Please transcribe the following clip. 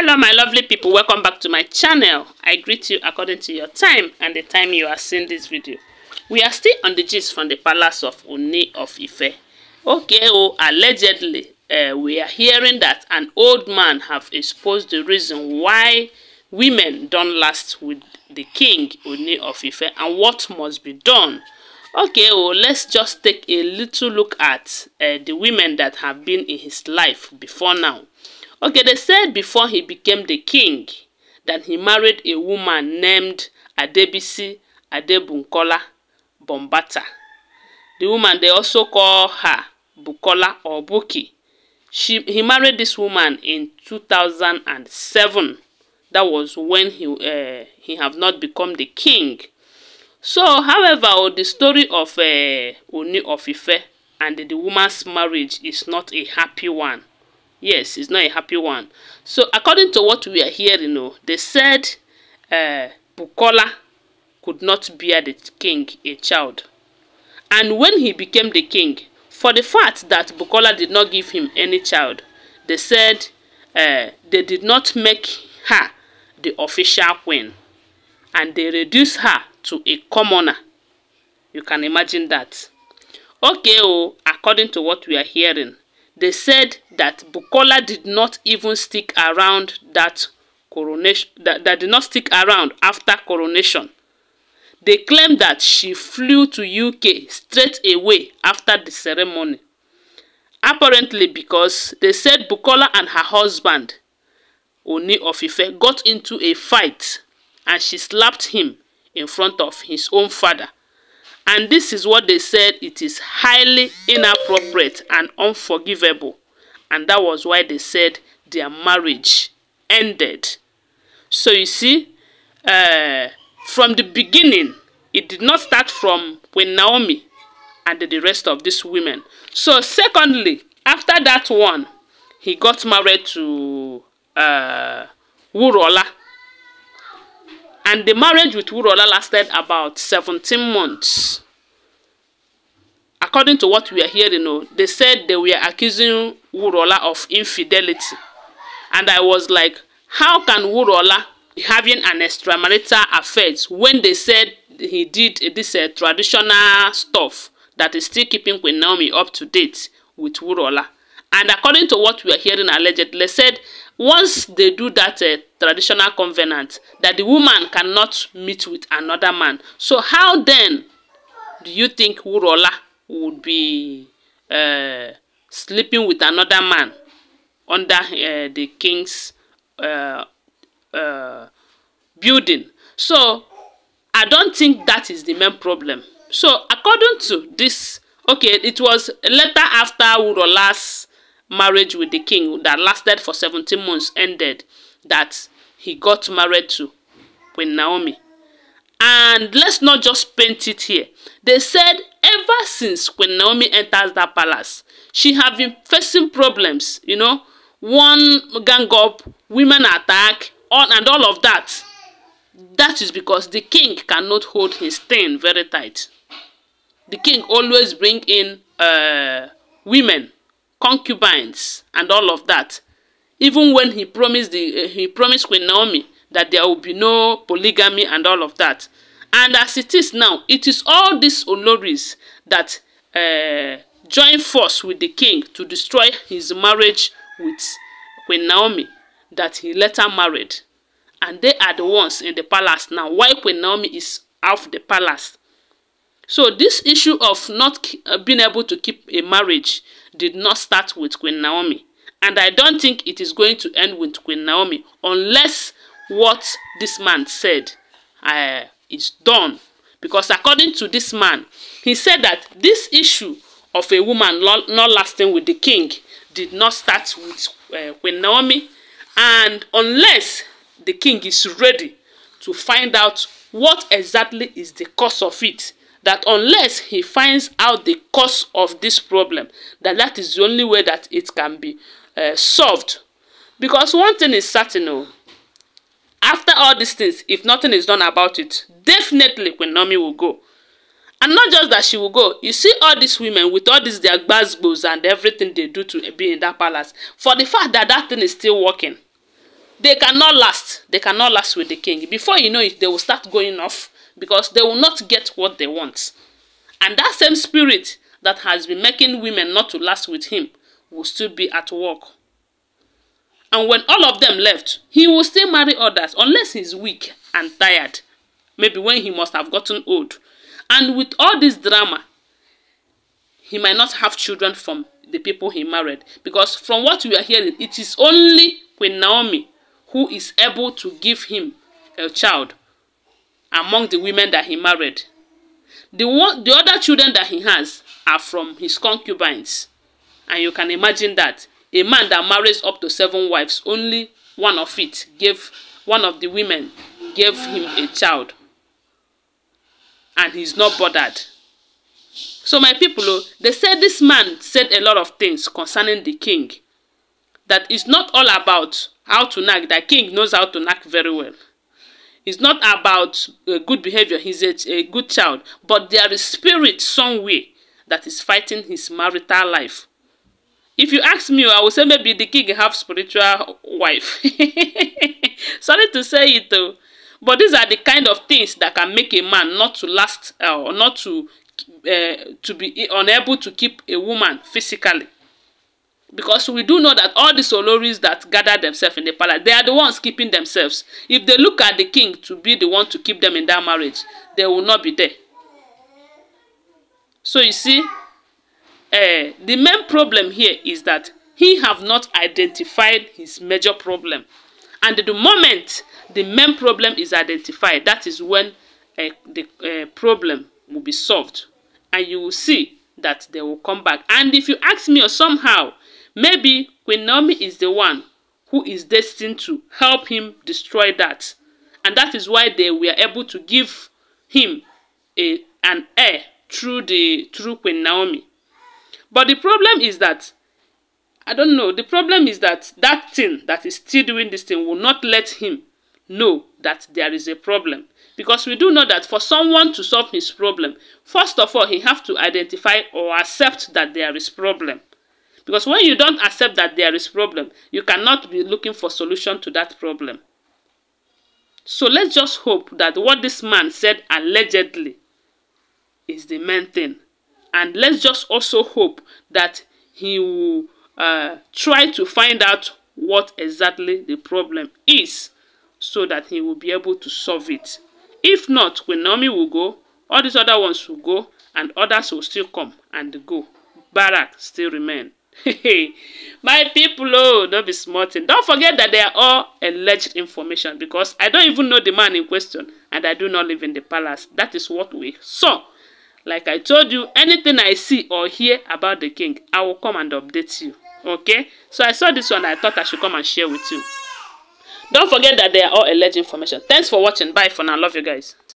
hello my lovely people welcome back to my channel i greet you according to your time and the time you are seeing this video we are still on the gist from the palace of Ooni of Ife okay oh allegedly uh, we are hearing that an old man have exposed the reason why women don't last with the king Ooni of Ife and what must be done okay well oh, let's just take a little look at uh, the women that have been in his life before now Okay, they said before he became the king that he married a woman named Adebisi Adebunkola Bombata. The woman, they also call her Bukola or Buki. She, he married this woman in 2007. That was when he, uh, he have not become the king. So, however, oh, the story of uh, Oni of Ife and the woman's marriage is not a happy one yes it's not a happy one so according to what we are hearing oh they said uh, bukola could not bear the king a child and when he became the king for the fact that bukola did not give him any child they said uh, they did not make her the official queen and they reduced her to a commoner you can imagine that okay oh according to what we are hearing They said that Bukola did not even stick around that coronation that, that did not stick around after coronation. They claim that she flew to UK straight away after the ceremony. Apparently because they said Bukola and her husband, Oni of got into a fight and she slapped him in front of his own father. And this is what they said it is highly inappropriate and unforgivable. And that was why they said their marriage ended. So you see, uh, from the beginning, it did not start from when Naomi and the rest of these women. So secondly, after that one, he got married to uh, Wurola and the marriage with Wurola lasted about 17 months. According to what we are hearing, oh, they said they were accusing Wurola of infidelity. And I was like, how can Wurola having an extramarital affair when they said he did this uh, traditional stuff that is still keeping Queen Naomi up to date with Wurola? And according to what we are hearing allegedly, said once they do that uh, traditional covenant that the woman cannot meet with another man. So how then do you think Urola would be uh, sleeping with another man under uh, the king's uh, uh, building? So I don't think that is the main problem. So according to this, okay, it was a letter after Urola's marriage with the king that lasted for 17 months ended that he got married to with Naomi. And let's not just paint it here. They said ever since when Naomi enters that palace, she have been facing problems, you know, one gang up, women attack, all, and all of that. That is because the king cannot hold his thing very tight. The king always bring in uh, women, concubines, and all of that even when he promised the uh, he promised Queen Naomi that there will be no polygamy and all of that. And as it is now, it is all these Oloris that uh, join force with the king to destroy his marriage with Queen Naomi that he later married. And they are the ones in the palace now. Why Queen Naomi is out of the palace? So this issue of not uh, being able to keep a marriage did not start with Queen Naomi and I don't think it is going to end with Queen Naomi unless what this man said uh, is done. Because according to this man, he said that this issue of a woman not lasting with the king did not start with uh, Queen Naomi. And unless the king is ready to find out what exactly is the cause of it, that unless he finds out the cause of this problem, that that is the only way that it can be Uh, solved. Because one thing is certain, oh, after all these things, if nothing is done about it, definitely Queen Naomi will go. And not just that she will go. You see all these women with all these their gbazgbos and everything they do to be in that palace. For the fact that that thing is still working, they cannot last. They cannot last with the king. Before you know it, they will start going off because they will not get what they want. And that same spirit that has been making women not to last with him will still be at work. And when all of them left, he will still marry others unless he's weak and tired, maybe when he must have gotten old. And with all this drama, he might not have children from the people he married. Because from what we are hearing, it is only Queen Naomi who is able to give him a child among the women that he married. The, one, the other children that he has are from his concubines. And you can imagine that a man that marries up to seven wives, only one of it gave one of the women gave him a child. And he's not bothered. So my people, oh, they said this man said a lot of things concerning the king. That it's not all about how to knock. That king knows how to knock very well. It's not about uh, good behavior. He's a, a good child. But there is spirit somewhere that is fighting his marital life if you ask me, I will say maybe the king have spiritual wife. Sorry to say it though. But these are the kind of things that can make a man not to last uh, or not to uh, to be unable to keep a woman physically. Because we do know that all the Soloris that gather themselves in the palace, they are the ones keeping themselves. If they look at the king to be the one to keep them in that marriage, they will not be there. So you see, uh, the main problem here is that he have not identified his major problem. And the moment the main problem is identified, that is when uh, the uh, problem will be solved. And you will see that they will come back. And if you ask me or somehow, maybe Queen Naomi is the one who is destined to help him destroy that. And that is why they were able to give him a, an heir through the through Queen Naomi. But the problem is that, I don't know, the problem is that that thing that is still doing this thing will not let him know that there is a problem. Because we do know that for someone to solve his problem, first of all, he have to identify or accept that there is problem. Because when you don't accept that there is problem, you cannot be looking for solution to that problem. So let's just hope that what this man said allegedly is the main thing and let's just also hope that he will uh, try to find out what exactly the problem is so that he will be able to solve it. If not, when Naomi will go, all these other ones will go, and others will still come and go. Barak still remain. My people, oh, don't be smarting. Don't forget that they are all alleged information because I don't even know the man in question and I do not live in the palace. That is what we saw. Like I told you, anything I see or hear about the king, I will come and update you. Okay? So I saw this one. I thought I should come and share with you. Don't forget that they are all alleged information. Thanks for watching. Bye for now. Love you guys.